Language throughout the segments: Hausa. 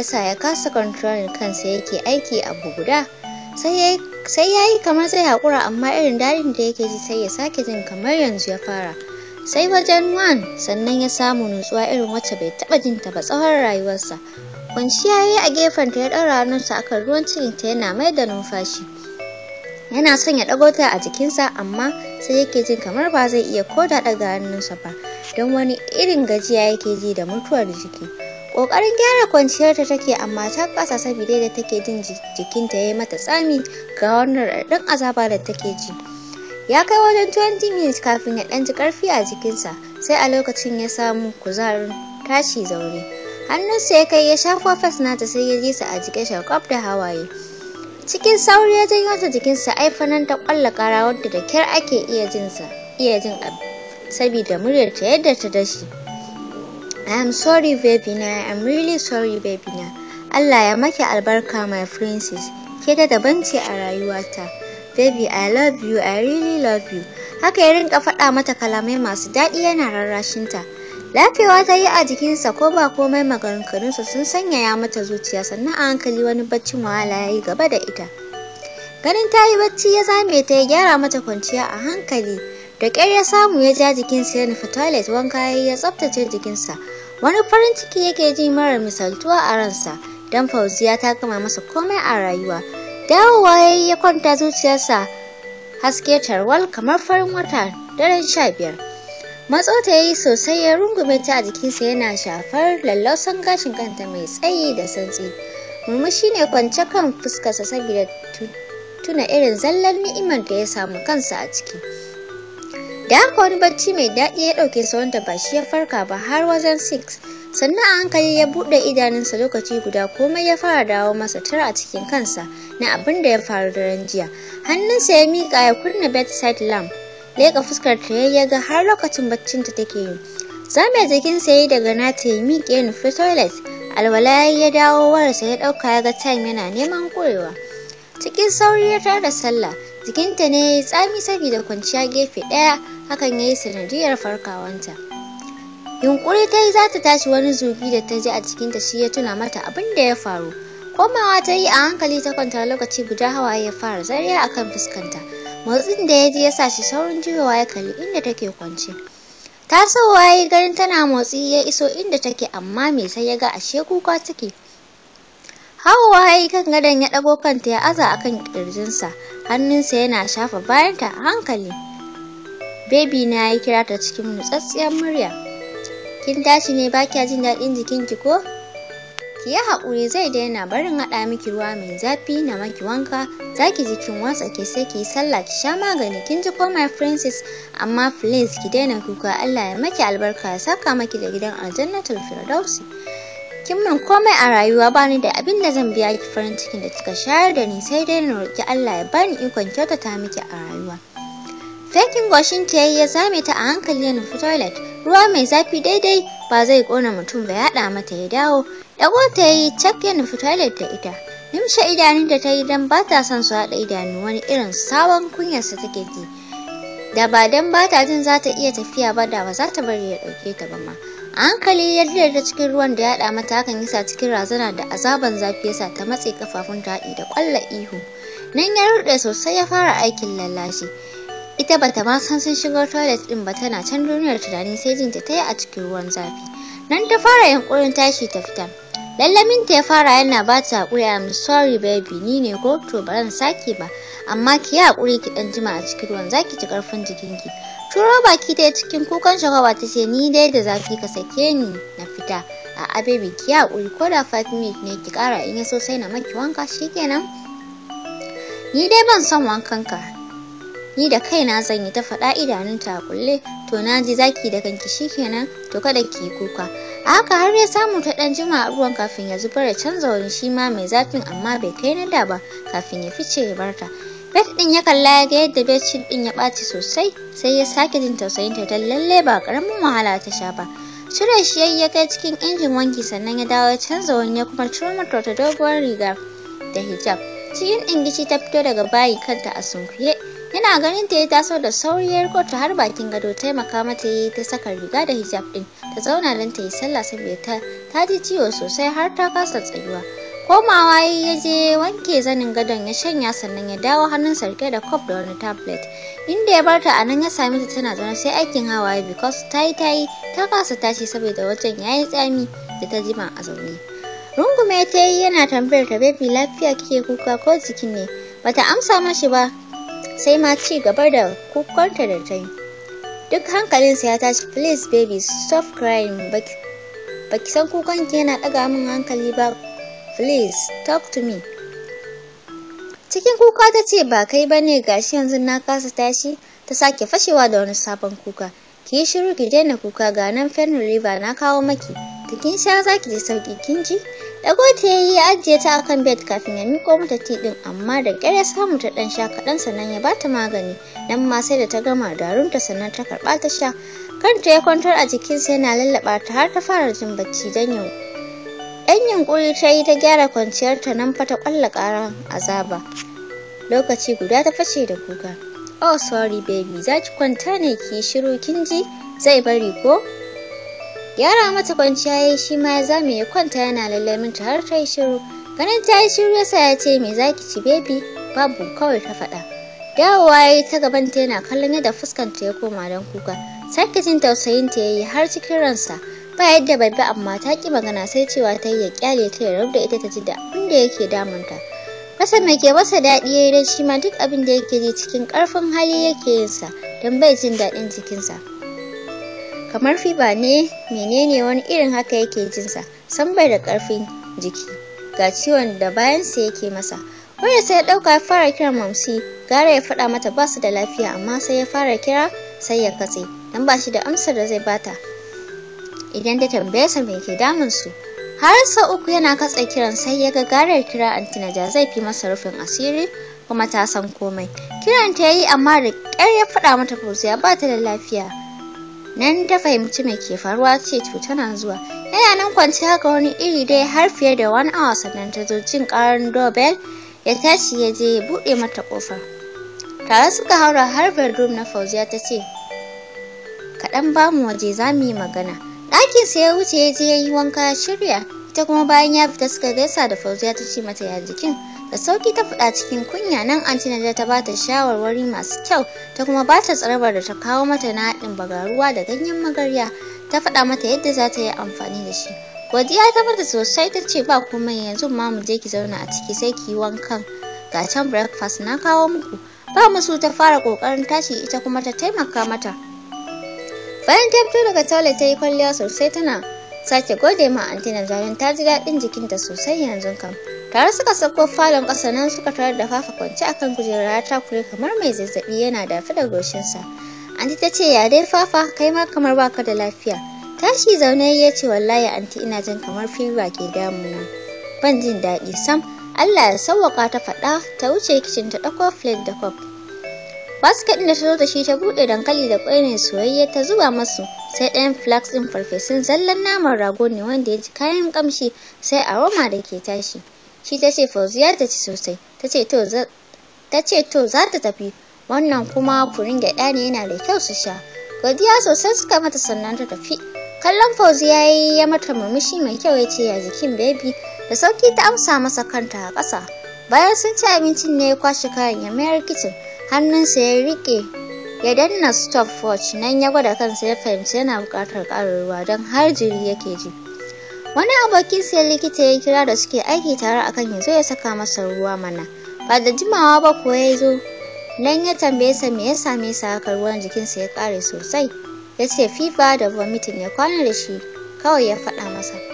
yasa ya kasa kontrolin kansa yake aiki abu guda sai ya yi kamar zai haƙura amma irin dadin da yake ji sai ya sake jin kamar yanzu ya fara sai wajen wan sannan ya samu nutsuwa irin wacce bai taɓa jin ta ba tsawon rayuwarsa kwanciya ya yi a gefen ta ya ɗaura hannunsa akan ruwan cikin ta yana mai da numfashi yana son ya ɗago ta a jikinsa amma sai yake jin kamar ba zai iya ko da ɗaga hannunsa ba don wani irin gajiya yake ji da mutuwar jiki ƙoƙarin gyara kwanciyarta take amma ta kasa saboda da take jin jikinta ya yi mata tsami ga wannan raɗin azaba da take ji ya kai wajen 20 minutes kafin ya ɗan ji ƙarfi a jikinsa sai a lokacin ya samu kuzarin tashi zaure hannunsa ya kai ya shafa fes nata sai ya ji sa a jikin shakwaf da hawaye cikin sauri ya janyo ta jikinsa aifanan ta ƙwalla ƙara wadda da kyar ake iya jinsa iya jin abu saboda muryarta yadda ta dashi am sorry Babina, I'm really sorry Babina. Allah ya maki albarka my princess, ke da daban a rayuwata. Baby, I love you, I really love you. Haka ya rinka faɗa mata kalamai masu daɗi yana rarrashinta. Lafewa ta yi a jikinsa ko ba komai maganganunsa sun sanyaya mata zuciya sannan a hankali wani baccin wahala ya yi gaba da ita. Ganin ta yi bacci ya zame ta ya gyara mata kwanciya a hankali. da ƙyar ya samu ya ja jikinsa ya nufi toilet wanka ya ya tsaftace jikinsa wani farin ciki yake ji mara misaltuwa a ransa don fauziya ta gama masa komai a rayuwa dawowa ya yi ya kwanta zuciyarsa haske tarwal kamar farin wata daren sha biyar matsota ya yi sosai ya rungume ta a jikinsa yana shafar lallausan gashin kanta mai tsayi da santsi murmushi ne kwance kan fuskarsa saboda tuna irin zallar ni'imar da ya samu kansa a ciki da haka wani bacci mai daɗi ya ɗauke sa wanda ba shi ya farka ba har wajen 6 sannan a hankali ya buɗe idanunsa lokaci guda komai ya fara dawo masa tara a cikin kansa na abin da ya faru daren jiya hannunsa ya miƙa ya kunna bedside lamp leƙa fuskar ta ya ga har lokacin baccin ta take yi zame jikinsa ya yi daga nata ya miƙe ya nufi toilet alwala ya dawo warsa ya ɗauka ya ga time yana neman ƙurewa cikin sauri ya tara sallah jikinta ne ya yi tsami saboda kwanciya gefe ɗaya hakan ya yi sanadiyar farkawanta yunkuri ta yi za ta tashi wani zugi da ta ji a jikinta shi ya tuna mata abin da ya faru komawa ta yi a hankali ta kwanta lokaci guda hawaye ya fara zariya a kan fuskanta motsin da ya ji ya sa shi saurin juyawa ya kalli inda take kwance tasowa ya yi garin tana motsi ya iso inda take amma me sai ya ga ashe kuka take Hauwa ya yi kan gadon ya ɗago kanta ya aza a kan ƙirjinsa, hannunsa yana shafa bayanta a hankali. Baby na ya kira ta cikin nutsatsiyar murya. Kin tashi ne ba kya jin daɗin jikinki ko? Ki yi haƙuri zai daina barin haɗa miki ruwa mai zafi na maki wanka, za ki ji kin wasa ke sai ki yi sallah ki sha magani kin ji ko my princess amma please ki daina kuka Allah ya maki albarka ya saka maki da gidan aljannatul firdausi. kin min komai a rayuwa bani da abin da zan biya ki farin cikin da kika shayar da ni sai dai na roki Allah ya bani ikon kyauta ta miki a rayuwa fakin goshin ta ya zame ta a hankali ya nufi toilet ruwa mai zafi daidai ba zai kona mutum ba yaɗa mata ya dawo dago ta yi cak ya nufi toilet da ita nimshe idanun da ta yi don ba ta son su haɗa idanu wani irin sabon kunyarsa take ji da ba don ba ta jin za ta iya tafiya ba da ba za ta bari ya ɗauke ta ba ma a hankali ya da ta cikin ruwan da ya haɗa mata hakan yasa cikin razana da azaban zafi yasa ta matse kafafun daɗi da ƙwallon ihu nan ya ruɗe sosai ya fara aikin lallashi ita bata ma san sun shigar toilet ɗin ba tana can duniyar tunani sai jin ta yi a cikin ruwan zafi nan ta fara yunƙurin tashi ta fita lallamin ta ya fara yana ba ta haƙuri I'm sorry baby ni ne ko to ba zan sake ba amma ki yi haƙuri ki ɗan jima a cikin ruwan zaki ci ƙarfin jikinki turo baki ta cikin kukan shagawa ta ce ni dai da zafi ka sake ni na fita a abebe ki uri ko da 5 minutes ne ki ƙara in ya sosai sai na maki wanka shikenan ni dai ban son wankan ka ni da kaina zan yi ta faɗa idanun ta kulle to na ji zaki da kanki shikenan to kada ki kuka a haka har ya samu ta dan jima a ruwan kafin ya zubar da canza wani shi ma mai zafin amma bai kai na da ba kafin ya fice ya barta bet ɗin ya kalla ya ga yadda bedsheet din ya ɓaci sosai sai ya sake jin tausayin ta, don lalle ba ƙaramin wahala ta sha ba. Cire shi ya kai cikin injin wanki sannan ya dawo ya canza wani ya kuma ciro mata ta doguwar riga da hijab. Cikin ɗingishi ta fito daga bayi kanta a sunkuye. Yana ganin ta ya taso da sauri ya riko har bakin gado taimaka mata yi ta saka riga da hijab ɗin. Ta zauna don ta yi sallah saboda ta ta ji ciwo sosai har ta kasa tsayuwa. komawa ya je wanke zanin gadon ya shanya sannan ya dawo hannunsa rike da kwaf da wani tablet inda ya barta a nan ya sami ta tana zaune sai aikin hawaye because ta yi ta yi ta kasa tashi saboda wajen ya yi tsami da ta jima a zaune rungume ta yi yana tambayar ta baby lafiya kike kuka ko jiki ne bata amsa mashi ba sai ma ci gaba da kukarta da ta yi duk hankalinsa ya tashi please baby stop crying baki san kukanki yana ɗaga min hankali ba Please, talk to me. Cikin kuka ta ce ba kai ba ne shi yanzu na kasa tashi ta sake fashewa da wani sabon kuka. Ki yi shiru ki daina kuka ga nan Fen River na kawo maki. Da kin sha za ki ji sauki kin ji? Dago ta yi ya ajiye ta akan bed kafin ya miko mata ti din amma da ƙyar ya samu ta ɗan sha kaɗan sannan ya bata magani. Nan ma sai da ta gama darunta sannan ta karɓa ta sha. Kanta ya kwantar a jikinsa yana lallaɓa ta har ta fara jin bacci don yau. ɗan yunƙuri ta yi ta gyara kwanciyarta nan fa ta ƙwalla ƙaran azaba lokaci guda ta fashe da kuka oh sorry baby za ki kwanta ne ki shiru kin ji zai bari ko yara mata kwanciya ya shi ma ya zame ya kwanta yana lallai ta har ta yi shiru ganin ta yi shiru yasa ya ce me za ki ci baby? babu kawai ta faɗa dawowa ya yi ta gabanta yana kallon yadda fuskanta ya koma don kuka sake jin tausayinta ta ya yi har cikin ransa ba yadda bai bi amma ta ki magana sai cewa ta yi ya kyale ta ya rabu da ita ta ji da abinda da yake damunta rasa mai ke masa daɗi ya yi don shi ma duk abin da yake ji cikin ƙarfin hali yake yinsa don bai jin daɗin jikinsa kamar fiba ne menene wani irin haka yake jinsa san bai da ƙarfin jiki ga ciwon da bayan ya yake masa wanda sai ya ɗauka ya fara kiran mamsi gara ya faɗa mata ba su da lafiya amma sai ya fara kira sai ya katse don ba shi da amsar da zai bata idan ta tambaye sa mai ke damun su har sau uku yana katse kiran sai ya ga garar kira antinaja zai fi masa rufin asiri kuma ta san komai kiran ta yi amma da ƙyar ya faɗa mata fauziya ba ta da lafiya nan ta fahimci mai ke faruwa ce to tana zuwa yana nan kwanci haka wani iri dai har fiye da wani awa sannan ta zo jin ƙarar dobel ya tashi ya je ya buɗe mata ƙofa? tare suka haura har bedroom na fauziya ta ce kaɗan bamu waje za mu yi magana sai ya wuce ya je ya yi wanka ya shirya ita kuma bayan ya fita suka gaisa da fauziya ta ce mata ya jikin da sauki ta fada cikin kunya nan antina da ta bata shawarwari masu kyau ta kuma bata tsarabar da ta kawo mata na haɗin bagaruwa da ganyen magarya ta faɗa mata yadda za ta yi amfani da shi godiya ta bata sosai ta ce ba komai yanzu ma mu je ki zauna a ciki sai ki yi wankan ga can breakfast na kawo muku ba musu ta fara kokarin tashi ita kuma ta taimaka mata Bayan ta fito daga Taule ta yi kwalliya sosai tana sake gode ma na jarin ta ji daɗin jikinta sosai yanzu kam. Tare suka sauko falon ƙasa nan suka tarar da fafa kwance akan kujerar ta kure kamar mai zazzaɓi yana fi da goshinsa. Anti ta ce ya dai fafa kai ma kamar baka da lafiya. Tashi zaune ya ce wallahi anti ina jin kamar fiba ke damuna. Ban jin daɗi sam Allah ya sawwaka ta faɗa ta wuce kicin ta ɗauko plate da kwaf. basket da ta zo da shi ta bude dankali da kwai ne soyayya ta zuba masu sai ɗayan flax din farfesun zallan naman rago ne wanda ya ji kayan kamshi sai aroma da ke tashi shi ta ce fauziya ta ci sosai ta ce to za ta tafi wannan kuma kurin gyaɗa ne yana da kyau su sha godiya sosai suka mata sannan ta tafi kallon fauziya ya yi ya mata murmushi mai kyau ya ce ya jikin baby. da sauki ta amsa masa kanta a ƙasa bayan sun ci abincin ne ya kwashe kayan ya mayar kicin hannunsa ya riƙe ya danna stopwatch nan ya gwada kansa ya fahimci yana buƙatar ƙarin ruwa don har jiri yake ji wani abokin sai likita ya kira da suke aiki tare akan ya zo ya saka masa ruwa mana ba da jimawa ba ko ya zo nan ya tambaye sa me ya same sa haka ruwan jikinsa ya ƙare sosai ya ce fifa da vomiting ya kwana da shi kawai ya faɗa masa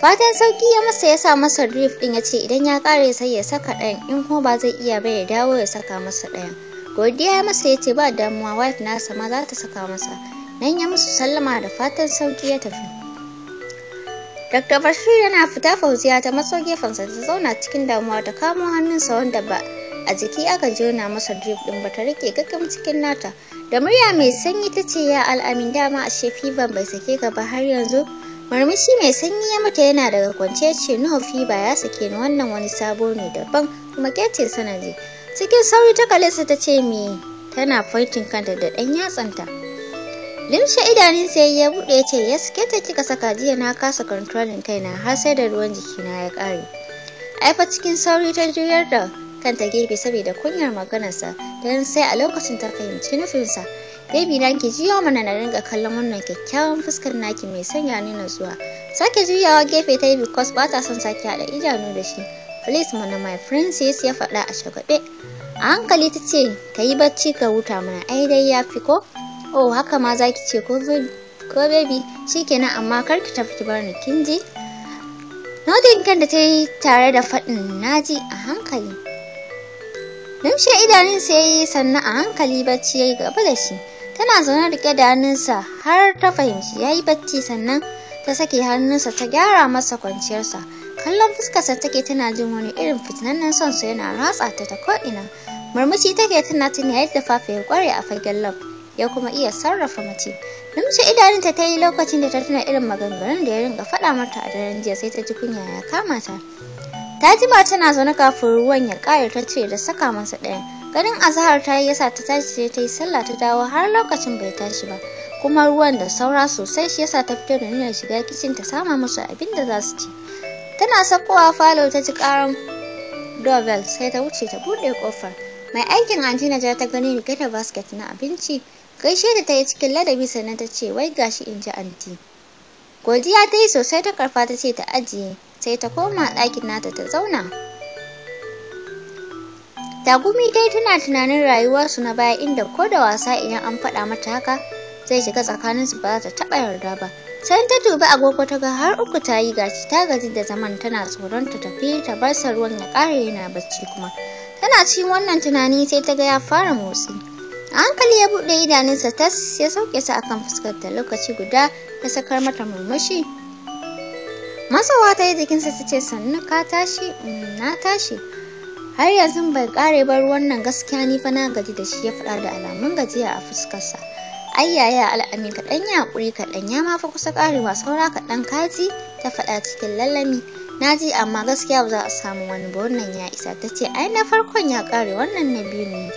fatan sauki ya masa ya sa masa drip din ya ce idan ya kare sai ya saka ɗayan in kuma ba zai iya ba ya dawo ya saka masa ɗayan godiya ya masa ya ce ba damuwa wife nasa ma za ta saka masa nan ya musu sallama da fatan sauki ya tafi Dr. Bashir yana fita fauziya ta gefen gefensa ta zauna cikin damuwa ta kamo hannunsa wanda ba a jiki aka jona masa drip din bata rike gaggam cikin nata da murya mai sanyi ta ce ya al'amin dama a shefi ban bai sake ka ba har yanzu Marmishi mai sanyi ya mata yana daga kwance ce no ba ya sake ni wannan wani sabo ne daban kuma kece ji Cikin sauri ta kalisa ta ce me tana fantin kanta da ɗan yatsanta. Limshe idanin sai ya buɗe ya ce yes ta kika saka jiya na kasa controlling kaina har sai da ruwan jikina ya kare." Aifa cikin sauri ta juyar da kanta gefe saboda kunyar maganarsa don sai a lokacin ta fahimci nufinsa. Baby na ki juya mana na ringa kallon wannan kyakkyawan fuskar naki mai sanya ni zuwa. Sake juyawa gefe ta yi because ba ta son sake haɗa idanu da shi. Please mana my princess ya faɗa a shagwaɓe. A hankali ta ce ka yi bacci ka huta mana ai dai ya fi ko? Oh haka ma za ki ce ko ko baby nan amma kar ki tafi ki bar ni kin ji? Nodin kan da ta yi tare da faɗin naji a hankali. Numshe idanun sai ya yi sannan a hankali bacci ya yi gaba da shi. tana zaune rike da hannunsa har ta fahimci ya yi bacci sannan ta sake hannunsa ta gyara masa kwanciyarsa kallon fuskarsa take tana jin wani irin fitinannen son su yana ratsa ta ta ko'ina murmushi take tana tuna yadda fafe ya kware a fagen lab ya kuma iya sarrafa mace namiji idanunta ta yi lokacin da ta tuna irin maganganun da ya ringa faɗa mata a daren jiya sai ta ji kunya ya kama ta ta jima tana zaune kafin ruwan ya ƙare ta ce da saka masa ɗayan ganin azahar ta yi yasa ta tashi sai ta yi sallah ta dawo har lokacin bai tashi ba kuma ruwan da saura sosai shi yasa ta fito da niyyar shiga kicin ta sama musu abin da za su ci tana sakowa falo ta ji karan doorbell sai ta wuce ta bude kofar mai aikin antina ja ta gani ni da basket na abinci gaishe da ta yi cikin ladabi sannan ta ce wai gashi in ji anti godiya ta yi sosai ta karfa ta ce ta ajiye sai ta koma ɗakin nata ta zauna Takumi dai tana tunanin rayuwarsu na baya inda ko da wasa idan an faɗa mata haka zai shiga tsakaninsu ba za ta taɓa yarda ba. Sai ta dubi agogo ta ga har uku ta yi gashi ta gaji da zaman tana tsoron ta tafi ta bar sa ruwan ya ƙare yana bacci kuma. Tana cikin wannan tunani sai ta ga ya fara motsi. A hankali ya buɗe idanunsa tas ya sauke sa akan ta lokaci guda ta sakar mata murmushi. Masawa ta yi jikinsa ta ce sannu ka tashi mm, na tashi. har yanzu bai kare ba wannan gaskiya ni fa na gaji da shi ya faɗa da alamun gajiya a fuskarsa ai yaya al'ami ka dan ya hakuri ka dan ya ma fa kusa karewa saura ka dan kaji ta faɗa cikin lallami naji amma gaskiya ba za a samu wani ba wannan ya isa ta ce ai na farkon ya kare wannan na biyun ne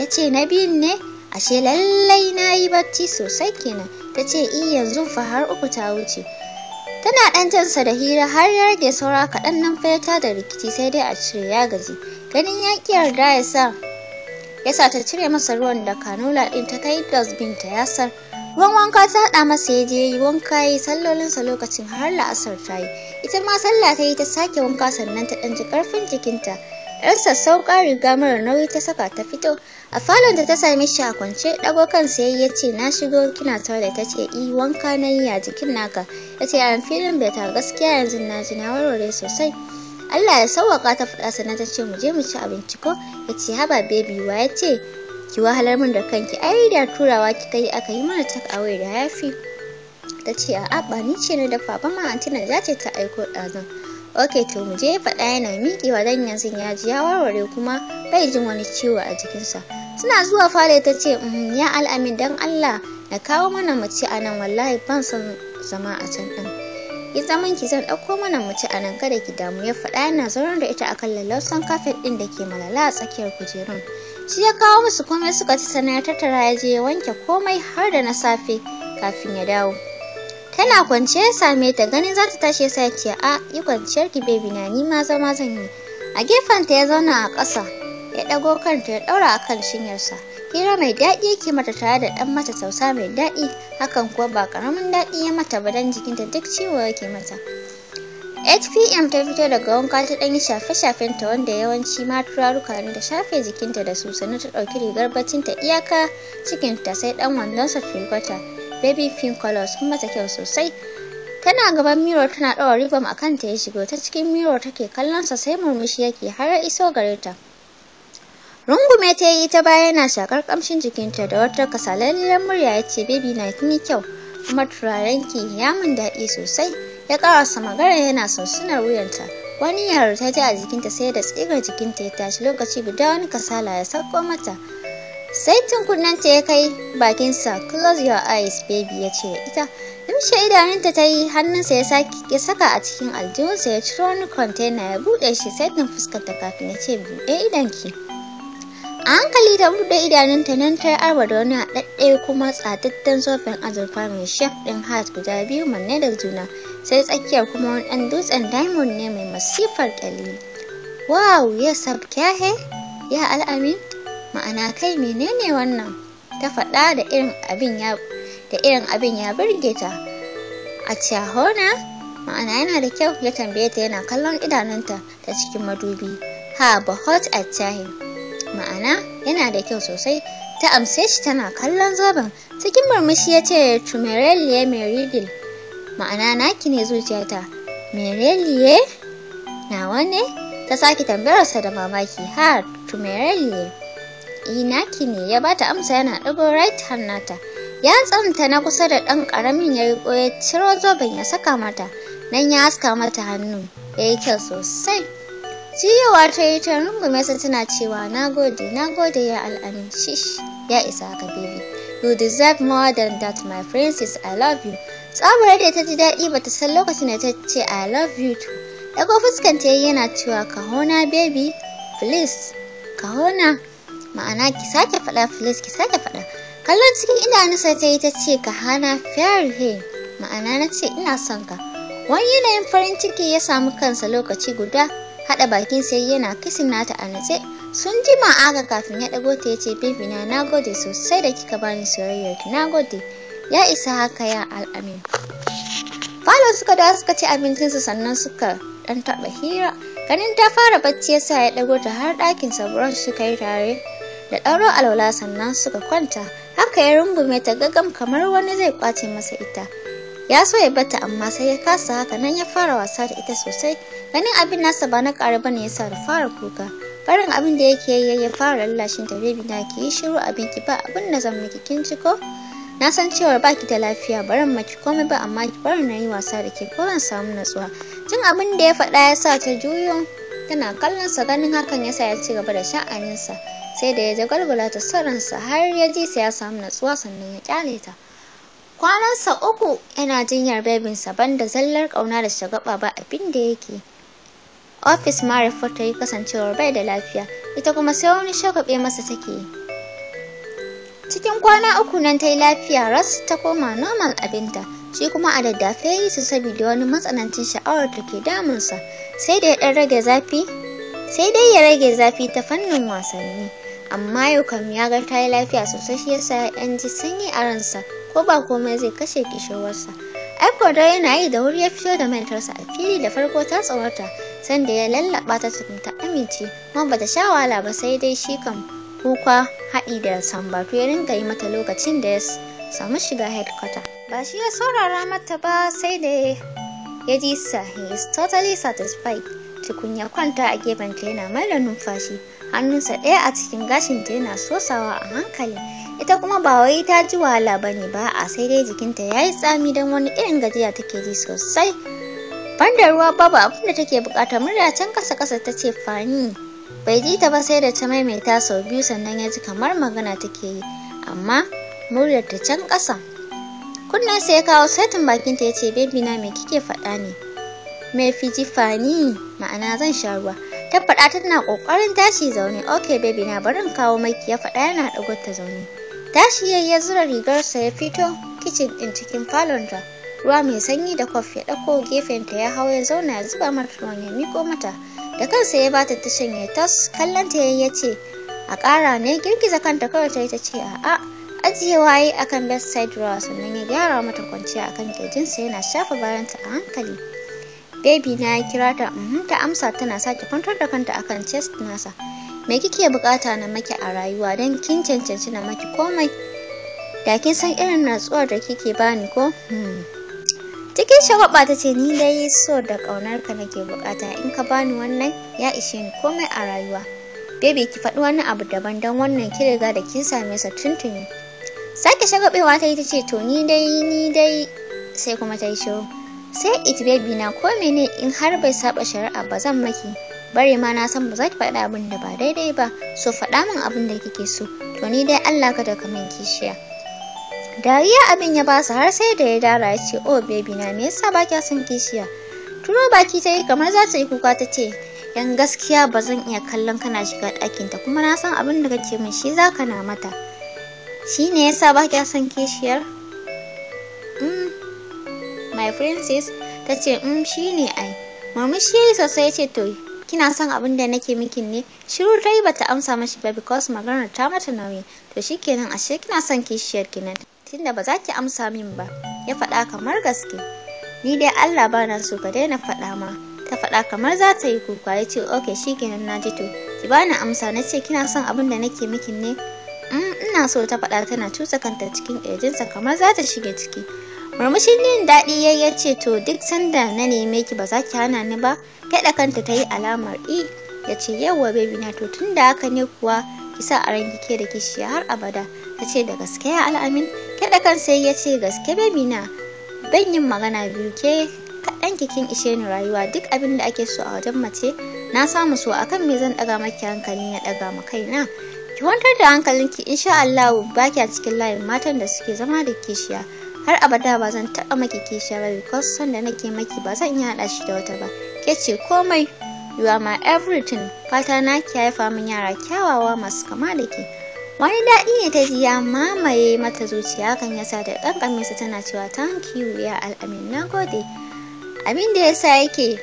ya ce na biyun ne ashe lallai na yi bacci sosai kenan ta ce i yanzu fa har uku ta wuce Tana ɗan jansa da hira har ya rage saura kaɗan nan fayata da rikici sai dai a cire ya gaji. Ganin ya ƙi yarda ya sa yasa ta cire masa ruwan da kanula din ta kai dustbin ta sa Ruwan wanka ta haɗa masa ya je yi wanka ya yi sallolinsa lokacin har la'asar ta yi. Ita ma sallah ta yi ta sake wanka sannan ta ɗan ji ƙarfin jikinta. ‘Yarsa sauka riga mara nauyi ta saka ta fito. a falon da ta same shi a kwance dago kansa ya ce na shigo kina ta ce i eh, wanka na yi a jikin naka ya yace filin bai better gaskiya yanzu na ji na warware sosai Allah ya sauwaka ta fada sana ta ce mu je mu ci abinci ko ya ce haba baby wa ya ce ki wahalar min da kanki ai da turawa ki yi aka yi mana take away da yafi ta ce a ba ni ce na dafa ba ma antina za ce ta aiko dazan ok to mu je faɗa yana miƙewa dan yanzu ya ji ya warware kuma bai jin wani ciwo a jikinsa suna zuwa fada ta ce mm, ya al'amin dan allah da kawo mana mace a nan wallahi ban son zama a can ɗin yi zaman ki zan ɗauko mana mace a nan kada ki damu ya faɗa yana zaunar da ita akan lalausan kafet ɗin da ke malala a tsakiyar kujerun shi ya kawo musu komai suka ci sana tattara ya je ya wanke komai har da na safe kafin ya dawo tana kwance ya same ta ganin za ta tashi sai ce a yi kwanciyar ki bebi na ni ma zama zan yi a gefen ta ya zauna a ƙasa ya ɗago kanta ya ɗaura a kan cinyarsa hira mai daɗi yake mata tare da ɗan mata sausa mai daɗi hakan kuwa ba ƙaramin daɗi ya mata ba dan jikinta duk ciwo yake mata hpm ta fito daga wanka ta ɗanyi shafe-shafenta wanda yawanci ma turaruka ne da shafe jikinta da su ta ɗauki rigar bacinta iyaka cikinta sai ɗan wandonsa firgota baby pink colors kuma ta kyau sosai tana gaban miro tana ɗaura ribam a kanta ya shigo ta cikin miro take kallonsa sai murmushi yake har ya iso gare ta Rungume ta yi ta baya yana shakar kamshin jikinta da wata kasalalliyar murya ya ce baby na kini kyau kuma ki ya min daɗi sosai ya karasa magana yana sunar wuyanta wani yaro ta ji a jikinta sai da tsigar jikinta ya tashi lokaci guda wani kasala ya sauko mata sai tunkunnanta ya kai bakinsa close your eyes baby ya ce ita limshe idanunta ta yi hannunsa ya saka a cikin aljihunsa ya ciro wani kwantena ya buɗe shi sai tun fuskanta kafin ya ce buɗe idanki a hankali ta buɗe idanunta nan ta arba da wani haɗaɗɗe kuma tsatattan sofin azurfa mai shef ɗin hat guda biyu manne da juna sai tsakiyar kuma wani ɗan dutsen diamond ne mai masifar ƙyalli wow ya sabkya he ya al'amin ma'ana kai menene wannan ta faɗa da irin abin ya da ta a ma'ana yana da kyau ya tambaye ta yana kallon idanunta ta cikin madubi ha ba hot at time ma'ana yana da kyau sosai ta amse shi tana kallon zoben cikin murmushi ya ce tumerelle meridil ma'ana naki ne zuciyata merelle nawa ne ta sake tambayarsa da mamaki har tumereliye inaki eh, ne ya bata amsa yana ɗago right hand nata ya tsamta na kusa da ɗan ƙaramin ya yi ya ciro zoben ya saka mata nan ya haska mata hannu ya yi kyau sosai Jiyowa ta yi ta rungume sa tana cewa na gode, na gode ya al'amin shish ya isa haka baby. You deserve more than that my princess, I love you. Tsabar da ta ji daɗi bata san lokacin da ta ce I love you too. ɗago fuskanta yayi yana cewa "Ka hona, baby, please, "Ka hona!" Ma'ana ki sake faɗa please ki sake faɗa. Kallon cikin idanunsa ta yi ta ce hana fair hey. Ma'ana na ce ina son ka. Wani yanayin farin ciki ya samu kansa lokaci guda haɗa bakin sai yana kisin nata a natse sun jima aka kafin ya ɗago ta yace bibina na nagode sosai da kika bani soyayyar ki nagode ya isa haka ya al'amin falo suka da suka ci abincin su sannan suka dan taɓa hira ganin ta fara bacci sa ya dago ta har ɗakin saburan suka yi tare da ɗauro alwala sannan suka kwanta haka ya rungume ta gagam kamar wani zai kwace masa ita ya so ya bata amma sai ya kasa haka nan ya fara wasa da ita sosai ganin abin nasa ba na ƙara ne ya sa da fara kuka barin abin da yake yi ya fara lallashin ta bebi na ki yi shiru abin ki ba abin da zan miki kin ci ko na san cewar baki da lafiya barin maki komai ba amma ki bar na yi wasa da ke ko zan samu natsuwa jin abin da ya faɗa ya sa ta juyo tana kallon sa ganin hakan ya sa ya ci gaba da sha'aninsa sai da ya jagwalgwala ta sa har ya ji sa ya samu natsuwa sannan ya kyale ta kwanansa uku yana jinyar babinsa, banda zallar kauna da shiga ba abin da yake ofis ma ta yi kasancewar bai da lafiya ita kuma sai wani shagabe masa take cikin kwana uku nan ta yi lafiya ras ta koma normal abinta shi kuma a daddafe ya yi su saboda wani matsanancin sha'awar da ke damunsa sai da rage zafi sai dai ya rage zafi ta fannin wasanni amma yau kam ya ga ta yi lafiya sosai shi yasa ya ji yi a ransa ko ba komai zai kashe kishirwarsa aiko yana yi da wuri ya fito da mantarsa a fili da farko ta tsawarta sanda ya lallaba ta tukunta amince ma bata sha wahala ba sai dai shi kan kuka haɗi da sambatu ya ringa yi mata lokacin da ya samu shiga headquarter ba shi ya saurara mata ba sai da ya ji sa he is totally satisfied tukun ya kwanta a gefen gefenta yana mai da numfashi hannunsa ɗaya a cikin gashin ta yana sosawa a hankali ita kuma ba wai ta ji wahala ba ne ba a sai dai jikinta ya yi tsami don wani irin gajiya take ji sosai banda ruwa babu abin da take bukata murya can kasa kasa ta ce fani bai ji ta ba sai da ta maimaita sau biyu sannan ya ji kamar magana take yi amma murya ta can kasa kunnen sai ya kawo saitin bakinta ya ce bebi na me kike faɗa ne me fiji fani ma'ana zan sha ruwa ta faɗa tana ƙoƙarin tashi zaune okay baby na barin kawo maki ya faɗa yana ɗago ta zaune tashi yayi ya zura rigarsa ya fito kicin din cikin falonta ruwa mai sanyi da kwaf ya ɗauko gefenta ya hau ya zauna ya zuba mata ruwan ya miko mata da kansa ya bata ta ya tas kallonta yayi ya ce a ƙara ne girgiza kanta kawai ta yi ta ce a'a ajiyewa yi akan side rawa sannan ya gyara mata kwanciya akan kirjinsa yana shafa bayanta a hankali baby na ya kira ta uhm, ta amsa tana sake kwantar da kanta akan chest nasa me kike bukata na maki a rayuwa don kin cancanci na maki komai da kin san irin natsuwar da kike bani ko hmm. cikin shagwaba ta ce ni dai so da kaunar ka nake bukata in ka bani wannan ya ishe ni komai a rayuwa Baby ki faɗi wani abu daban don wannan ki riga da kin same sa tuntuni sake shagabewa ta yi ta ce to ni dai ni dai sai kuma ta yi shiru sai it baby na ko menene in har bai saba shari'a ba zan maki bare ma na san ba za ki faɗa abin da ba daidai ba so faɗa min abin da kike so to ni dai Allah kada ka min kishiya dariya abin ya ba har sai da ya dara ya ce oh baby na me yasa ba kya son kishiya tuno baki ta yi kamar za ta yi kuka ta ce yan gaskiya ba zan iya kallon kana shiga ɗakinta kuma na san abin da kake min shi za ka na mata shi ne yasa ba kya son kishiyar mm. my princess ta ce mm, shi ne ai murmushi sosai ce to kina son abin da nake mikin ne shiru dai bata amsa mashi ba because maganar ta mata nauyi to shikenan ashe kina son kishiyar kinan tunda ba za ki amsa min ba ya faɗa kamar gaske ni dai Allah ba na so ka daina faɗa ma ta faɗa kamar za ta yi kuka ya ce okay shikenan na ji to ki bani amsa na ce kina son abin da nake mikin ne mm, ina so ta faɗa tana cusa kanta cikin ƙirjinsa kamar za ta shige ciki murmushin yin daɗi ya ya ce to duk sanda na neme ki ba za ki hana ni ba da kanta ta yi alamar i ya ce yawwa baby na to tun da haka ne kuwa ki sa a rangi ke da kishiya har abada ta ce da gaske ya al'amin da kan sai ya ce gaske baby na ban yin magana biyu ke kaɗan kikin ishe ni rayuwa duk abin da ake so a wajen mace na samu so akan me zan ɗaga maki hankali ya ɗaga ma kaina ki kwantar da hankalinki insha Allah ba kya cikin layin matan da suke zama da kishiya har abada ba zan taɓa maki kishiya ba because son da nake maki ba zan iya haɗa shi da wata ba ke ce komai you are my everything fata na ki haifa min yara kyawawa masu kama da ke wani daɗi ne ta ji ya mamaye mata zuciya hakan yasa da ɗan ƙamisa tana cewa thank you ya al'amin na gode abin da yasa yake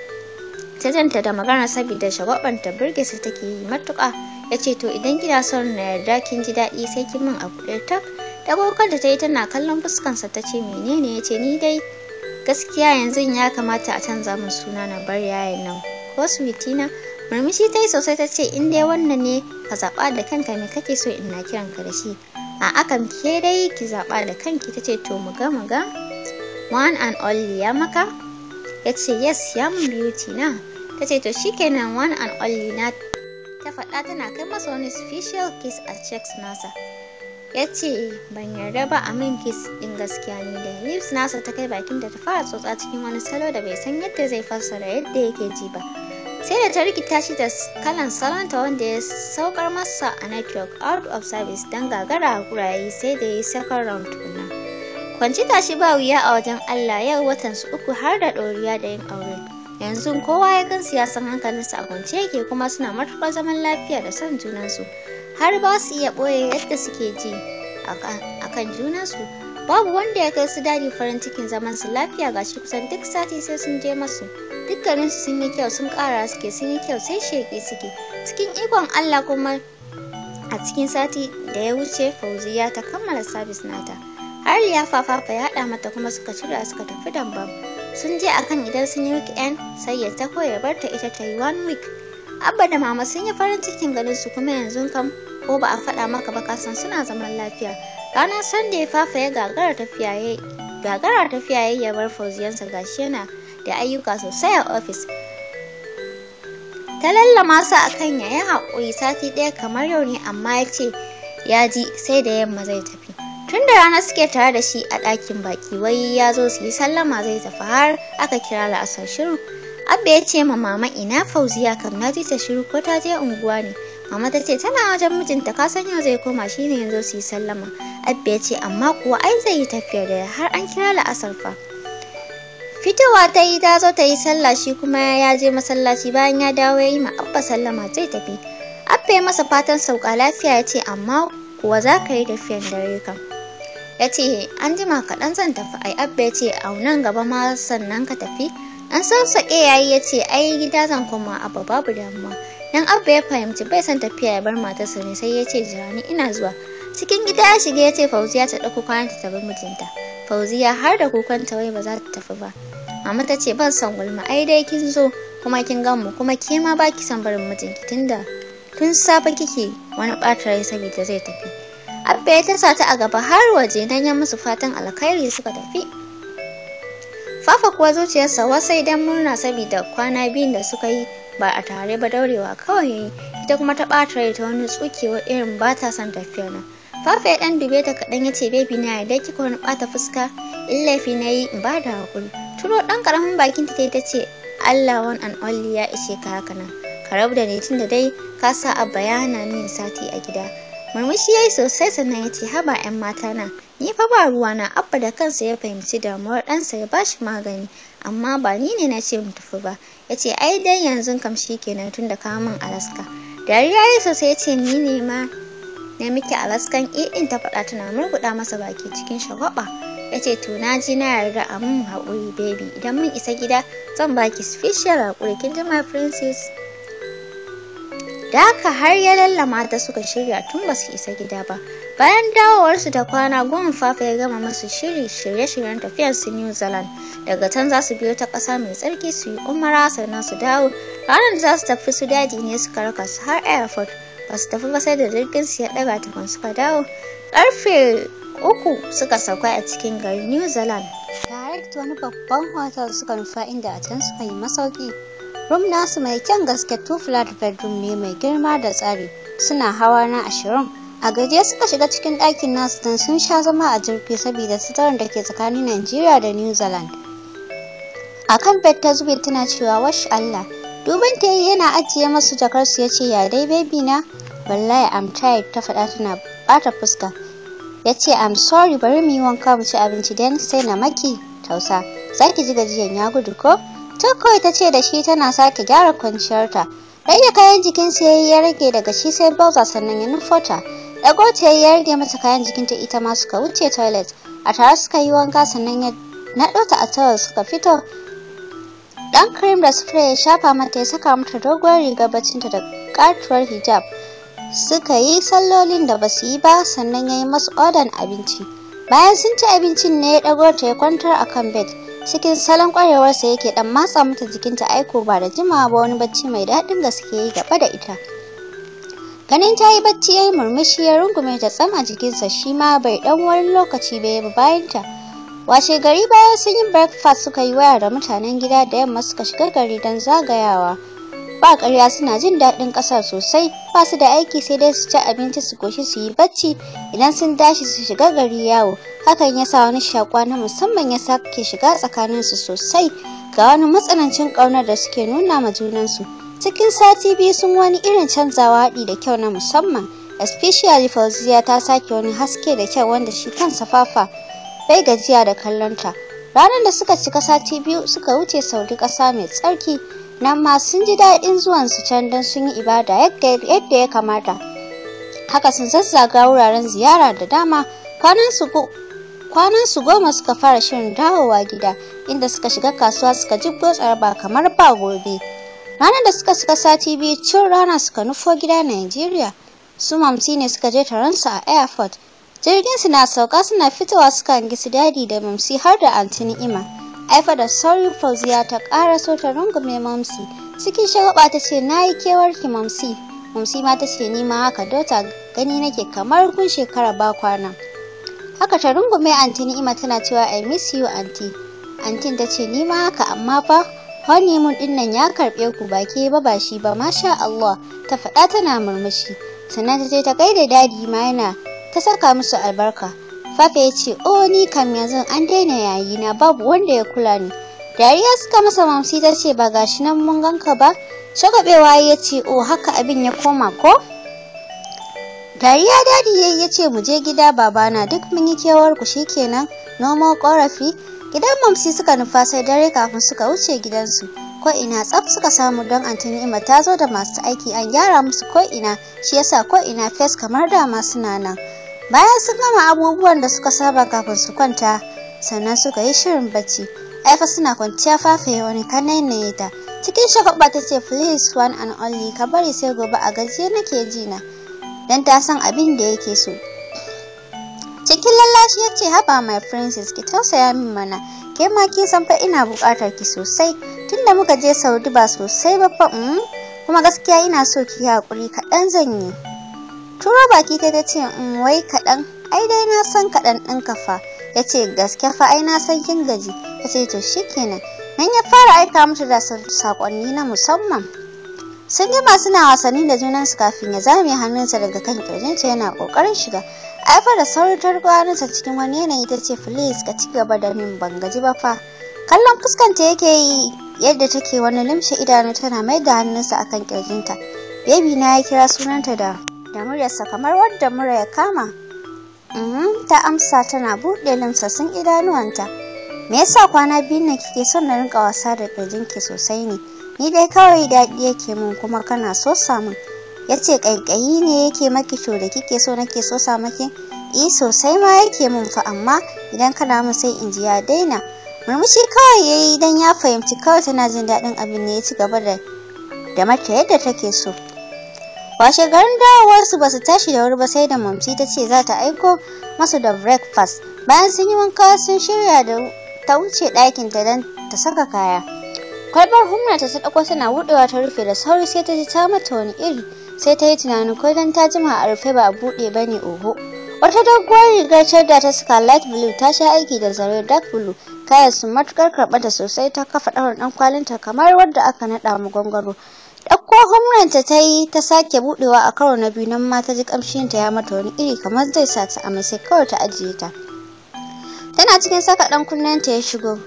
ta janta da magana saboda shagwabanta burge sa take yi matuƙa ya ce to idan kina son na yarda kin ji daɗi sai kin min a ɗaya tak Yagogon da ta yi tana kallon fuskansa ta ce menene ya ce ni dai gaskiya yanzu ya kamata a canza min suna na bar yayin nan. Ko suwitina murmushi ta yi sosai ta ce in dai wannan ne ka zaɓa da kanka ne kake so in na kiran ka da shi. A akan ke dai ki zaɓa da kanki ta ce to mu ga mu ga. One and only ya maka? Ya ce yes ya mun beauty na. Ta ce to shikenan one and only na ta faɗa tana kai masa wani special kiss a checks nasa. ya ce ban yarda ba a min kis din gaskiya ne da lips nasa ta kai bakin da ta fara tsotsa cikin wani salo da bai san yadda zai fassara yadda yake ji ba sai da ta rikita shi da kalan salonta wanda ya saukar masa a network out of service don gagara a guraye sai da ya sakar round tuna. kwanci ta shi ba wuya a wajen allah yau watan su uku har da ɗoriya da yin aure yanzu kowa ya gan siyasan hankalinsa a kwance yake kuma suna matuƙar zaman lafiya da son junansu har ba su iya ɓoye yadda suke ji a kan junansu babu wanda ya kai su dadi farin cikin zaman su lafiya ga shi kusan duk sati sai sun je masu dukkaninsu sun yi kyau sun ƙara suke sun yi kyau sai sheƙi suke cikin ikon allah kuma a cikin sati da ya wuce fauziya ta kammala sabis nata har ya fafafa ya haɗa mata kuma suka cira suka tafi dambam sun je akan idan sun yi weekend sai ya ta ya bar ta ita ta yi one week abba da mama sun yi farin cikin ganin su kuma yanzu kam ko ba a faɗa maka ba kasan suna zaman lafiya ranar sanda ya fafaye gagarar tafiya ya gagarar bar fauziyansa gashi yana da ayyuka sosai a ofis ta lallama su a kan yayin haƙuri sati ɗaya kamar yau ne amma ya ce ya ji sai da yamma zai tafi tun da rana suke tare da shi a ɗakin baki, wai ya zo su yi sallama zai tafi har aka kira la'asar shiru abba ya ce ma mama ina fauziya kam na ji ta shiru ko ta je unguwa ne Mama ta ce tana wajen mijinta ka san yau zai koma shine yanzu su yi sallama. Abba ya ce amma kuwa ai zai yi tafiya da har an kira la'asar fa. Fitowa ta yi ta zo ta yi sallah shi kuma ya je masallaci bayan ya dawo ya yi ma Abba sallama zai tafi. Abba ya masa fatan sauka lafiya ya ce amma kuwa za ka yi tafiyar dare kan. Ya ce an jima kaɗan zan tafi ai Abba ya ce a gaba ma sannan ka tafi. An sassaƙe yayi ya ce ai gida zan koma Abba babu damuwa. Dan Abba ya fahimci bai son tafiya ya bar matarsa ne sai ya ce jira ni ina zuwa. Cikin gida ya shiga ya ce Fauziya ta ɗauko kwananta ta bar mijinta. Fauziya har da kukanta wai ba za ta tafi ba. Mama ta ce ban son gulma ai dai kin zo kuma kin gan mu kuma ke ma ba son barin mijinki tunda tun safe kike wani ɓata rai saboda zai tafi. Abba ya tasa ta a gaba har waje nan ya musu fatan alkhairi suka tafi. Fafa kuwa zuciyarsa wasai dan murna sabida kwana biyun da suka yi ba a tare ba daurewa kawai yayi ita kuma ta bata rai ta wani tsukewar irin ba ta son tafiya nan fafe dan ɗan dube ta kaɗan yace, baby na yadda kika wani bata fuska in laifi na yi in ba da haƙuri turo ɗan karamin bakin ta ta ce Allah one and only ya ishe ka haka nan ka rabu da ni tunda dai ka sa a bayana ni sati a gida murmushi ya yi sosai sannan ya ce haba 'yan mata na ni fa ba ruwa na abba da kansa ya fahimci damuwar ɗansa ya ba shi magani amma ba ni ne na ce mu tafi ba ya ce ai dai yanzu kam shi kenan tun da kawo min alaska dariya ya yi sosai ya ce ni ne ma na miki alaskan i'in ta faɗa tana murguɗa masa baki cikin shagwaba ya ce to na ji na yarda a mun haƙuri baby idan mun isa gida zan baki special haƙuri kin ji my princess da haka har ya lallama ta suka shirya tun ba su isa gida ba bayan dawowarsu da kwana goma fafa ya gama masu shiri shirye-shiryen tafiyar su new zealand daga can za su biyo ta ƙasa mai tsarki su yi umara sannan su dawo ranar da za su tafi su daji ne suka raka su har airport ba su tafi ba sai da jirgin su ya daga tafin suka dawo Karfe uku suka sauka a cikin garin new zealand direct wani babban hotel suka nufa inda a can suka yi masauki Rum nasu mai kyan gaske two flat bedroom ne mai girma da tsari, suna hawa na ashirin. A gaje suka shiga cikin ɗakin nasu don sun sha zama a jirgi saboda sitaran da ke tsakanin Najeriya da New Zealand. A kan bed ta zube tana cewa wash Allah, duban ta yana ajiye masu jakarsu ya ce ya dai baby na, wallahi I'm tired ta faɗa tana bata fuska. ya ce I'm sorry bari mu yi wanka mu ci abinci don sai na maki tausa za ki ji gajiyan ya gudu ko kawai ta ce da shi tana sake gyara kwanciyarta. Rage kayan jikin ya yi ya rage daga shi sai Bowser sannan ya nufota. ego ta ya rage mata kayan jikin ta ita ma suka wuce toilet. A tare suka yi wanka sannan ya naɗo ta a tawar suka fito. Dan cream da spray ya shafa mata ya saka mata doguwar riga bacinta da katuwar hijab. Suka yi sallolin da basu yi ba sannan ya yi masu odan abinci. Bayan sun ci abincin ne ya ɗago ta ya kwantar a kan bed. cikin salon kwarewarsa yake dan matsa mata jikinta aiko ba da jimawa ba wani bacci mai daɗin gaske yi gaba da ita ganin ta yi bacci ya yi murmushi ya rungume ta tsama jikinsa shi ma bai dan wani lokaci bai yi bayanta washe gari bayan sun yi breakfast suka yi waya da mutanen gida da yamma suka shiga gari don zagayawa ba ƙarya suna jin daɗin ƙasar sosai ba su da aiki sai dai su ci abinci su koshi su yi bacci idan sun tashi su shiga gari yawo hakan ya sa wani shakwa na musamman ya sake shiga tsakaninsu sosai ga wani matsanancin ƙaunar da suke nuna ma junansu cikin sati biyu sun wani irin canzawa haɗi da kyau na musamman especially fauziya ta sake wani haske da kyau wanda shi kansa fafa bai gajiya da kallonta ranar da suka cika sati biyu suka wuce saudi ƙasa mai tsarki nan ma sun ji daɗin zuwan su can don sun yi ibada yadda ya kamata haka sun zazzaga wuraren ziyara da dama kwanan su goma suka fara shirin dawowa gida inda suka shiga kasuwa suka ji tsaraba kamar ba gobe ranar da suka suka sati biyu cin rana suka nufo gida Najeriya. Su mamti ne suka je taron su a airport jirgin su na sauka suna fitowa suka kan su dadi da mamsi har da anti ni'ima aifa da sauri fauziya ta kara so ta rungume mamsi cikin shagaba ta ce na yi kewar ki mamsi mamsi ma ta ce ni haka dota gani nake kamar kun shekara ba kwana haka ta rungume anti ni'ima tana cewa i miss you anti antin ta ce ni haka amma fa honeymoon din nan ya karɓe ku ba ke ba ba shi ba masha Allah ta faɗa tana murmushi sannan ta je ta gaida dadi ma yana ta saka musu albarka fafe ya ce o oh, ni kam yanzu an daina yayi na babu wanda ya kula ni dariya suka masa mamsi ta ce ba gashi nan mun ganka ba shagabewa ya ce o oh, haka abin ya koma ko dariya dadi yayi ya ce mu je gida babana duk mun yi kewar ku shikenan noma korafi gidan mamsi suka nufa sai dare kafin suka wuce gidansu ko ina tsaf suka samu don antini ima ta zo da masu aiki an gyara musu ko ina shi yasa ko ina fes kamar dama suna nan bayan sun gama abubuwan da suka saba kafin su kwanta sannan suka yi shirin bacci aifa suna kwanciya fafaye wani kanai yi ta cikin shagwaba ta ce please one and only ka bari sai gobe a gajiye nake ji na don ta san abin da yake so cikin lallashi ya ce haba my princess ki tausaya min mana ke ma kin san fa ina buƙatar ki sosai tunda muka je saudi ba sosai ba fa mm, kuma gaskiya ina so ki yi haƙuri kaɗan zan yi turo baki ta ta ce in mm, wai kaɗan ai dai na san kaɗan ɗin kafa ya ce gaske fa ai na san kin gaji ta ce to shi kenan. nan ya fara aika musu da sakonni na musamman sun jima suna wasanni da junansu kafin ya zame hannunsa daga kan kirjinta yana ƙoƙarin shiga fa da saurin targwaninsa cikin wani yanayi ta ce please ka ci gaba da min ban gaji ba fa kallon fuskanta yake yi yadda take wani limshe idanu tana mai da hannunsa akan kirjinta baby na ya kira sunanta da da muryarsa kamar wadda mura ya kama. Mm-hmm. ta amsa tana buɗe limsassun idanuwanta. Me yasa kwana biyu ne kike son na rinka wasa da ƙirjinki sosai ne? Ni dai kawai daɗi yake min, kuma kana so samun. Ya ce ƙaiƙayi ne yake maki to da kike so nake so sa maki? I eh, sosai ma yake min fa amma idan kana min sai in ji ya daina. Murmushi kawai ya yi idan ya fahimci kawai tana jin daɗin abin ne ya ci gaba da da mata yadda take so. washe garin dawowarsu ba su tashi da wuri ba sai da mamsi ta ce za ta aiko masu da breakfast bayan sun yi wanka sun shirya da ta wuce ta don ta saka kaya kwalbar humna ta ta tana buɗewa ta rufe da sauri sai ta ji ta mata wani iri sai ta yi tunanin ko dan ta jima a rufe ba a buɗe ba ne oho wata doguwar rigar da ta saka light blue ta sha aiki da zare dark blue kayan sun matukar karɓar sosai ta kafa ɗaurin ɗan kwalinta kamar wadda aka naɗa mu gwangwaro ɗauko humranta ta yi ta sake buɗewa a karo na biyu nan ma ta ji ta ya mata wani iri kamar zai sa ta amai sai kawai ta ajiye ta tana cikin saka ɗan ta ya shigo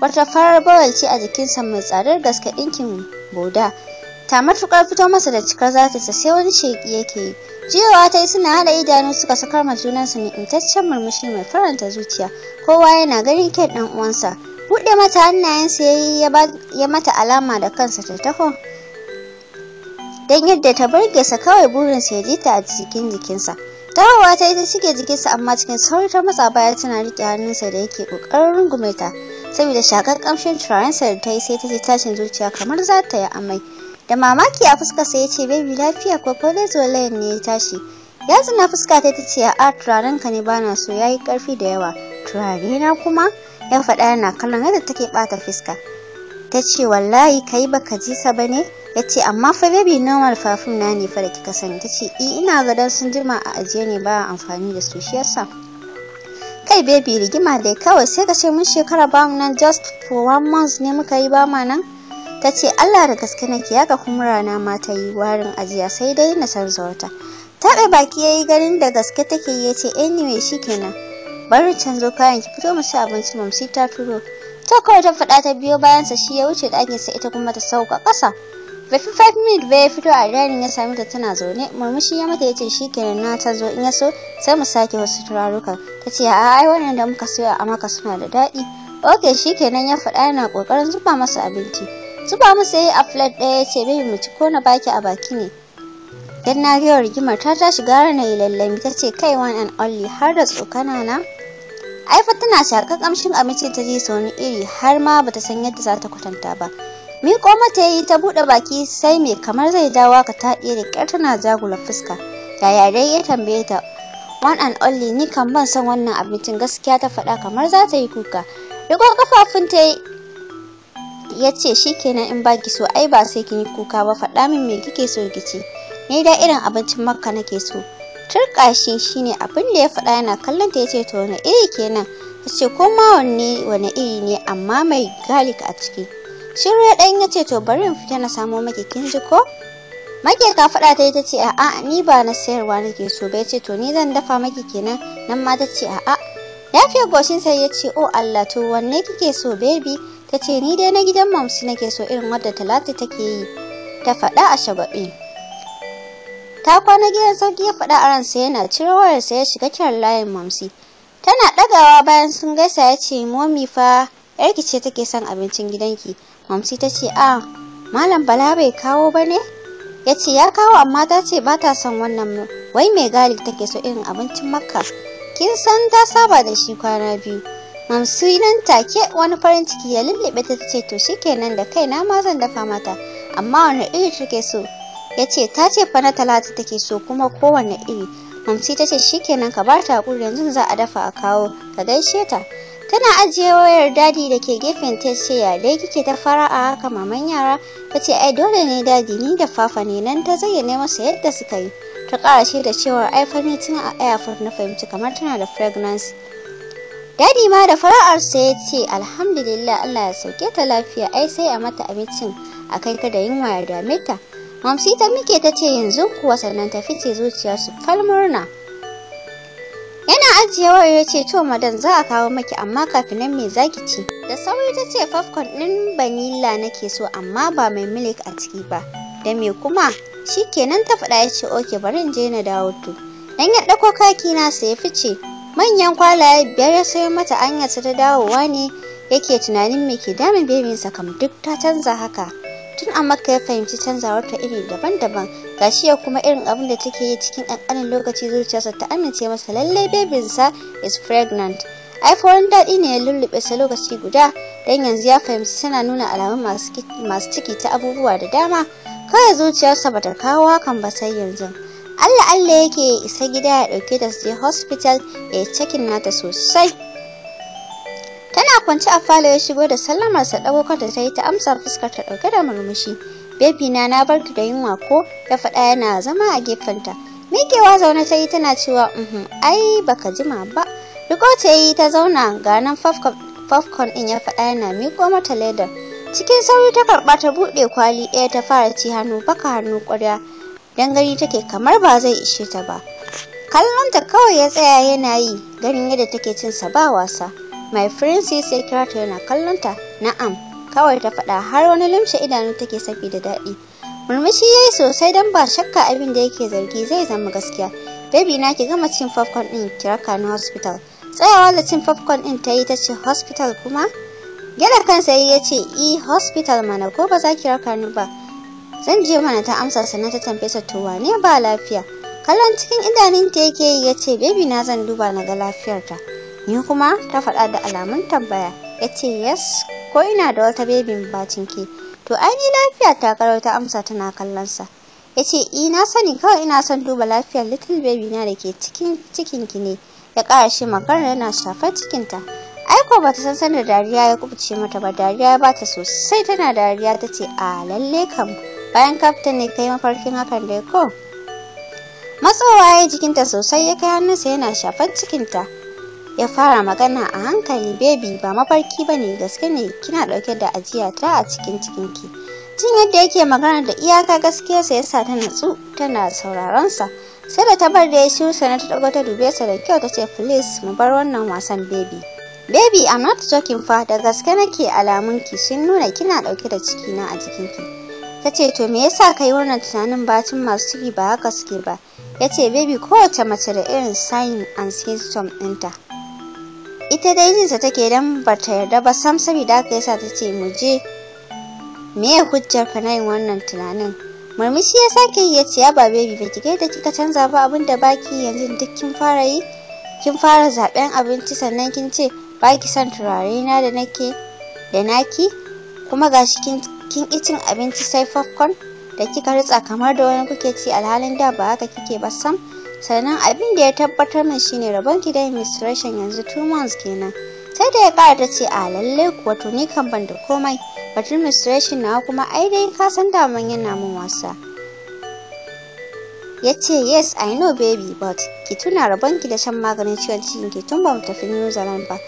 wata farar bawal ce a jikinsa mai tsadar gaske ɗinkin boda ta matuƙar fito masa da cikar zatinsa sai wani sheƙi yake yi jiyowa ta yi suna haɗa idanu suka sakar ma junansu ne intaccen murmushi mai faranta zuciya kowa yana ganin kyan ɗan uwansa buɗe mata hannayensa ya yi ya mata alama da kansa ta takon don yadda ta sa kawai burinsa ya ji ta a cikin jikinsa dawowa ta ita cike jikinsa amma cikin sauri ta matsa baya tana riƙe hannunsa da yake ƙoƙarin rungume ta saboda shakar ƙamshin turarensa da ta yi sai ta ji tashin zuciya kamar za ta yi amai da mamaki a fuskarsa ya ce baby lafiya ko ko layin ne ya tashi ya zina fuska ta ta ce a turaren ka ne bana so ya yi ƙarfi da yawa turare na kuma ya faɗa yana kallon yadda take ɓata fuska ta ce wallahi kai baka ji sa ba ne ya ce amma fa baby normal fafin na ne fa kika sani ta ce i eh, ina gadon sun jima a ajiye ne ba amfani da su shi yasa kai baby rigima dai kawai sai ka ce mun shekara ba mu nan just for one month ne muka yi ba ma nan ta ce allah da gaske nake ya ga kuma rana ma ta yi warin ajiya sai dai na san wata taɓa baki ya yi ganin da gaske take ya ce shi kenan? bari canzo kayan ki fito mu ci abinci mamsi ta turo ta kawai ta faɗa ta biyo bayan sa shi ya wuce sai ita kuma ta sauka ƙasa bai fi 5 minutes fito a ranar ya sami ta tana zaune murmushi ya mata yace shi kenan na ta zo in ya so sai mu sake wasu turarukan ta ce a ai wannan da muka siyo a maka suna da daɗi ok shi kenan ya faɗa yana kokarin zuba masa abinci zuba masa yi a flat ɗaya ya ce bai mu ci ko na baki a baki ne dan na rigimar ta tashi gara na lallami ta ce kai one and only har da tsokana na ai fa tana shaka kamshin abinci ta ji soni iri har ma bata san yadda za ta kwatanta ba koma ta yi ta buɗe baki sai mai kamar zai dawa ka ta ɗere kar tana zagula fuska yaya dai ya tambaye ta one and only ni kan ban son wannan abincin gaskiya ta faɗa kamar za ta yi kuka riko kafafun ta ya ce shikenan in ba ki so ai ba sai kin yi kuka ba faɗa min me kike so ki ci ni da irin abincin makka nake so Turkashin shi shine abin da ya faɗa yana kallon ta yace to wani iri kenan yace ko ma wanne wani iri ne amma mai galik a ciki shiru ya ɗan yace to bari in fita na samo maki kin ji ko Mage ka faɗa ta yi ta ce a'a ni ba na sayarwa nake so ba yace to ni zan dafa maki kenan nan ma ta ce a'a ya fiye goshin sai ya ce o oh Allah to wanne kike so baby ta ce ni dai na gidan mamsi nake so irin wadda talatu take yi ta faɗa a shabaɓi. ta kwana gidan sarki ya faɗa a ransa yana ciro wayarsa ya shiga kiran layin mamsi tana ɗagawa bayan sun gaisa ya ce momi fa yarki ce take son abincin gidanki mamsi ta ce a ah, malam bala bai kawo ba ne ya ce ya kawo amma ta ce ba ta son wannan mu. wai mai gali take so irin abincin makka kin san ta saba da shi kwana biyu mamsi nan take wani farin ciki ya lullube ta ce to shikenan da kaina ma zan dafa mata amma wani iri take so ya ce ta ce fa na talata take so kuma kowane iri mamsi ta ce shikenan ka bar ta hakuri yanzu za a dafa a kawo ka gaishe ta tana ajiye wayar dadi da ke gefen ta ce ya dai kike ta fara a haka maman yara ta ce ai dole ne dadi ni da fafa ne nan ta zayyane masa yadda suka yi ta karashe da cewa ai ni tana a airport na fahimci kamar tana da pregnancy dadi ma da fara'ar sa ya ce alhamdulillah allah ya sauke ta lafiya ai sai a mata abincin a kai ta da yunwa ya dame Mamsi ta mike ta ce yanzu kuwa sannan ta fice zuciyarsu fal murna. Yana ajiye wayar ya ce to madan za a kawo maki amma kafin nan me zaki ci? Da sauri ta ce popcorn ɗin vanilla nake so amma ba mai milik a ciki ba. Da me kuma? Shi kenan ta faɗa ya ce oke bari in je na dawo to. Dan ya ɗauko kaki na sai ya fice. Manyan kwalaye biyar ya sayo mata anyarsa ta dawowa ne yake tunanin me ke damun bebinsa kam duk ta canza haka. tun a makka ya fahimci canzawarta iri daban-daban ga shi ya kuma irin abin da take yi cikin ƙanƙanin lokaci zuciyarsa ta amince masa lallai bebinsa is pregnant aifuwarin daɗi ne ya lullube sa lokaci guda don yanzu ya fahimci tana nuna alamun masu ciki ta abubuwa da dama kawai zuciyarsa bata kawo hakan ba sai yanzu Allah Allah yake isa gida ya ɗauke da su je hospital ya yi cikin nata sosai Yana kwance a falo ya shigo da sallamarsa ɗaukar da ta yi ta amsa fuskar ta ɗauke da murmushi. Bebi na na bar ki da yunwa ko ya faɗa yana zama a gefenta. Mikewa zaune ta yi tana cewa uhum ai baka jima ba. Riko ta yi ta zauna ga nan popcorn ɗin ya faɗa yana miko mata ledar. Cikin sauri ta karba ta buɗe kwali ɗaya ta fara ci hannu baka hannu ƙwarya. Dan gari take kamar ba zai ishe ta ba. Kallonta kawai ya tsaya yana yi ganin yadda take cin sa ba wasa. mai princess ya kira ta yana kallonta na'am kawai ta faɗa har wani limshe idanu take safi da daɗi murmushi ya yi sosai don ba shakka abin da yake zargi zai zama gaskiya baby na ki gama cin popcorn ɗin kiraka na hospital tsayawa da cin popcorn ɗin ta yi ta ce hospital kuma gyara kansa ya ce e hospital mana ko ba za ki raka ni ba zan je mana ta amsa sannan ta tambaye sa to wane ba lafiya kallon cikin idanun ta yake yi ya ce baby na zan duba na ga lafiyarta Ni kuma ta faɗa da alamun tambaya. Ya ce, Yes, ko ina da wata bebin bacin ke. To, ai ni lafiya ta karo ta amsa tana kallonsa. Ya ce, ina eh, na sani kawai ina son duba lafiyar little baby na da ke cikin cikin ki ne. Ya ƙara shi makar yana shafar cikinta. Aiko ba ta san sanar dariya ya kubuce mata ba, dariya ya bata sosai tana dariya ta ce, A lalle kam, bayan kaftan ne kai mafarkin hakan da ko. Matsowa ya jikinta sosai ya kai hannunsa yana shafar cikinta. ya fara magana a hankali baby ba mafarki ba ne gaske ne kina ɗauke da ajiya ta a cikin cikinki jin yadda yake magana da iyaka gaskiyarsa ya sa ta natsu tana sa, sai da ta bar da ya shiru sana ta ɗago ta dube sa da kyau ta ce please mu bar wannan wasan baby baby i'm not joking fa da gaske nake alamunki sun nuna kina ɗauke da cikina a jikinki ta ce to me yasa ka wannan tunanin bacin masu ciki ba haka suke ba ya ce baby kowace mace da irin sign and symptom ɗinta ita dai jinsa take dan ta yarda ba sam saboda haka yasa ta ce mu je ya hujjar ka na yin wannan tunanin murmushi ya sake yi ya ce ya ba baby ba ki gaida kika canza ba abin da baki yanzu duk kin fara yi kin fara zaben abinci sannan kin ce baki son turare na da nake da naki kuma gashi kin kin kicin abinci sai popcorn da kika ritsa kamar da wani kuke ci alhalin da ba haka kike ba sam sannan abin da ya tabbatar min shine rabon gidan da administration yanzu two months kenan sai da ya kara ta ce a lalle kuwa to kan ban da komai batun administration na kuma ai dai ka san daman yana min wasa ya ce yes i know baby but ki tuna rabon ki da shan maganin ciwon cikin ki tun ba mu tafi new zealand ba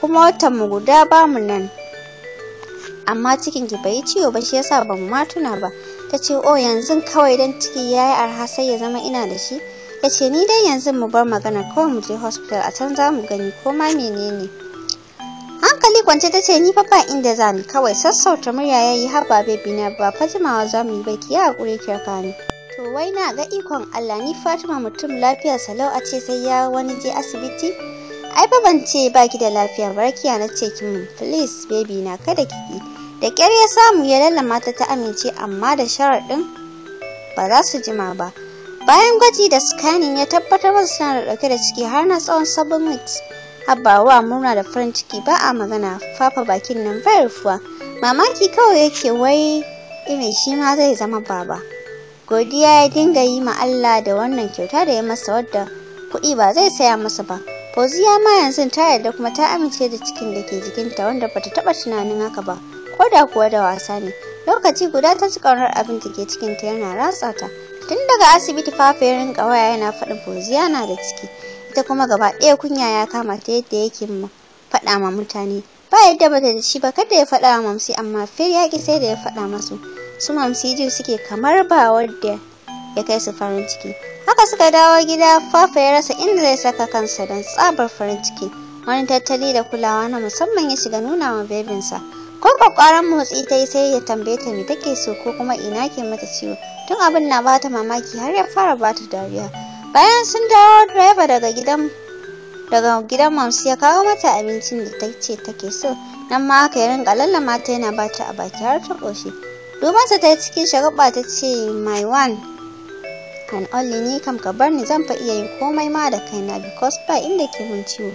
kuma watan mu guda ba mu nan amma cikin ki bai ciwo ba shi yasa ba mu ma tuna ba ta ce oh yanzu kawai dan ciki yayi arha sai ya zama ina da shi ya ce ni dai yanzu mu bar magana kawai mu je hospital a can za mu gani ko ma menene hankali kwance ta ce ni fa ba inda za ni kawai sassauta murya ya yi har bebi na ba fatimawa za mu yi ba ki hakuri ki ka ni to wai na ga ikon Allah ni Fatima mutum lafiyar salau a ce sai ya wani je asibiti ai fa ban ce ba ki da lafiya barkiya na ce ki mun please baby na kada ki da kyar ya samu ya lallama ta ta amince amma da sharaɗin ba za su jima ba bayan gwaji da scanning ya tabbatar masu suna da dauke da ciki har na tsawon sabon weeks habawa murna da farin ciki ba a magana fafa bakin nan bai mamaki kawai yake wai irin shi ma zai zama baba godiya ya dinga yi ma Allah da wannan kyauta da ya masa wadda kuɗi ba zai saya masa ba Fauziya ma yanzu ta yarda kuma ta amince da cikin da ke jikinta wanda bata taɓa tunanin haka ba ko da kuwa da wasa ne lokaci guda ta ci ƙaunar abin da ke cikinta yana ratsa ta tun daga asibiti fafa kawaya yana faɗin fauziya na da ciki ita kuma gaba ɗaya kunya ya kama ta yadda yake faɗa ma mutane ba yadda bata da shi ba kada ya faɗa wa mamsi amma fir ya ki sai da ya faɗa masu su mamsi ji suke kamar ba wadda ya kai su farin ciki haka suka dawo gida fafa ya rasa inda zai saka kansa don tsabar farin ciki wani tattali da kulawa na musamman ya shiga nuna wa bebinsa ko kwakwaran motsi ta yi sai ya tambaye ta me take so ko kuma ina ke mata ciwo tun abin na bata mamaki har ya fara bata dariya bayan sun dawo driver daga gidan daga gidan mamsu ya kawo mata abincin da ta ce take so nan ma aka yi rinka lallama ta yana bata a baki har ta ƙoshi dubansa ta cikin shagaba ta ce my one and only ni kam ka bar ni zan fa iya yin komai ma da kaina because ba inda ke mun ciwo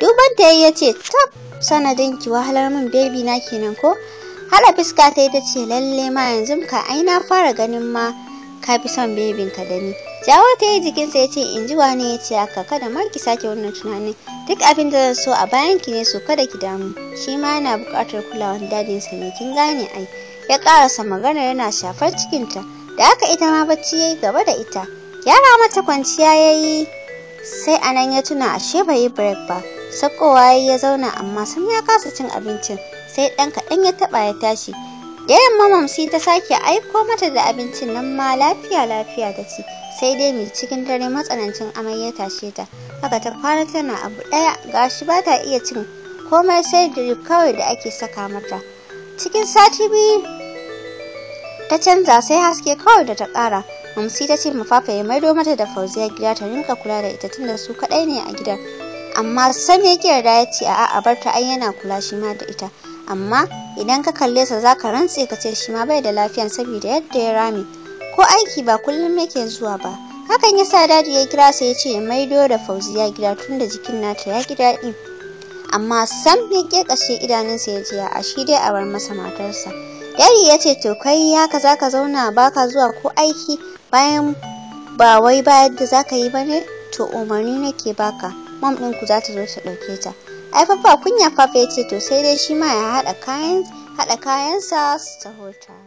duban ta ya ce tab sanadin ki wahalar min baby na kenan ko Hala fuska ta yi ta ce lalle ma yanzu ka ai na fara ganin ma ka fi son bebinka da ni. Jawo ta yi jikin sa ce in ji wane ya ce haka kada ma ki sake wannan tunanin duk abin da zan so a bayan ki ne so kada ki damu shi ma yana buƙatar kulawan dadinsa ne kin gane ai ya karasa magana yana shafar cikinta da haka ita ma bacci ya gaba da ita yara mata kwanciya yayi yi sai anan ya tuna ashe bai yi break ba sakowa ya zauna amma sam ya kasa cin abincin sai ɗan kaɗan ya taɓa ya tashi da yamma mamsi ta sake aiko mata da abincin nan ma lafiya lafiya ta ci sai dai mai cikin dare matsanancin amai ya tashe ta haka ta kwana tana abu ɗaya gashi ba ta iya cin komai sai drip kawai da ake saka mata cikin sati biyu ta canza sai haske kawai da ta ƙara mamsi ta ce mafafa ya maido mata da fauziya gida ta rinka kula da ita tunda su kaɗai ne a gidan amma sam ya yarda ya ce a'a a bar ta ai yana kula shi ma da ita amma idan ka kalle sa za ka rantse ka ce shi ma bai da lafiyan saboda yadda ya rame ko aiki ba kullum yake zuwa ba hakan ya sa dadi ya kira sa ya ce ya maido da fauziya gida tun da jikin nata ya gida daɗi amma sam ya ƙashe idanunsa ya ce a shi dai a bar masa matarsa dadi ya ce to kai haka za ka zauna baka zuwa ko aiki bayan ba wai bayan da za ka yi ba ne to umarni nake baka ɗin ku za ta zo ta ɗauke ta ai fa kunya fafa ya ce to sai dai shi ma ya haɗa kayansa su ta tare